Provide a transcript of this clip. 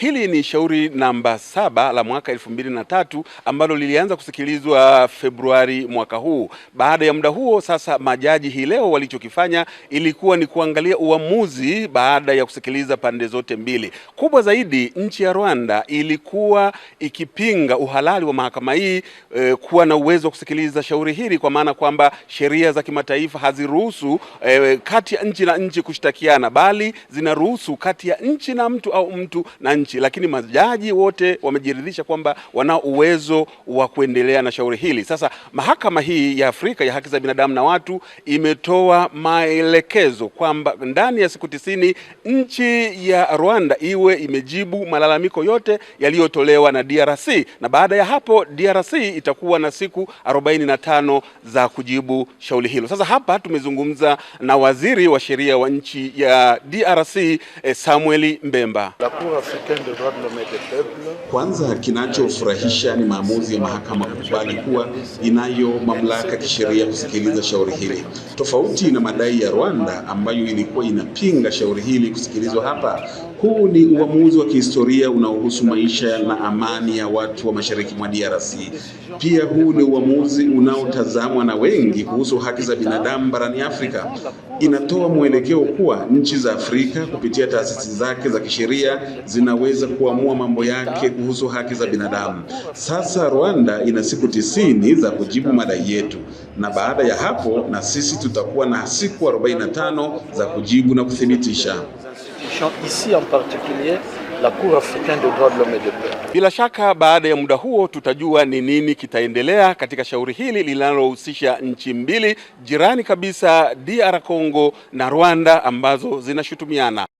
Hili ni shauri namba saba la mwaka elfu mbili na tatu ambalo lilianza kusikilizwa Februari mwaka huu. Baada ya muda huo sasa, majaji hii leo walichokifanya ilikuwa ni kuangalia uamuzi baada ya kusikiliza pande zote mbili. Kubwa zaidi, nchi ya Rwanda ilikuwa ikipinga uhalali wa mahakama hii e, kuwa na uwezo wa kusikiliza shauri hili kwa maana kwamba sheria za kimataifa haziruhusu e, kati ya nchi na nchi kushtakiana, bali zinaruhusu kati ya nchi na mtu au mtu na nchi wananchi, lakini majaji wote wamejiridhisha kwamba wana uwezo wa kuendelea na shauri hili. Sasa mahakama hii ya Afrika ya haki za binadamu na watu imetoa maelekezo kwamba ndani ya siku tisini nchi ya Rwanda iwe imejibu malalamiko yote yaliyotolewa na DRC, na baada ya hapo DRC itakuwa na siku 45 za kujibu shauri hilo. Sasa hapa tumezungumza na waziri wa sheria wa nchi ya DRC eh, Samuel Mbemba. La kwanza, kinachofurahisha ni maamuzi ya mahakama kukubali kuwa inayo mamlaka kisheria kusikiliza shauri hili, tofauti na madai ya Rwanda ambayo ilikuwa inapinga shauri hili kusikilizwa hapa. Huu ni uamuzi wa kihistoria unaohusu maisha na amani ya watu wa mashariki mwa DRC. Pia huu ni uamuzi unaotazamwa na wengi kuhusu haki za binadamu barani Afrika. Inatoa mwelekeo kuwa nchi za Afrika kupitia taasisi zake za kisheria zinaweza kuamua mambo yake kuhusu haki za binadamu. Sasa Rwanda ina siku tisini za kujibu madai yetu, na baada ya hapo na sisi tutakuwa na siku 45 za kujibu na kuthibitisha cherchant ici en particulier la Cour africaine des droits de l'homme et de paix. Bila shaka baada ya muda huo tutajua ni nini kitaendelea katika shauri hili linalohusisha nchi mbili jirani kabisa DR Congo na Rwanda ambazo zinashutumiana.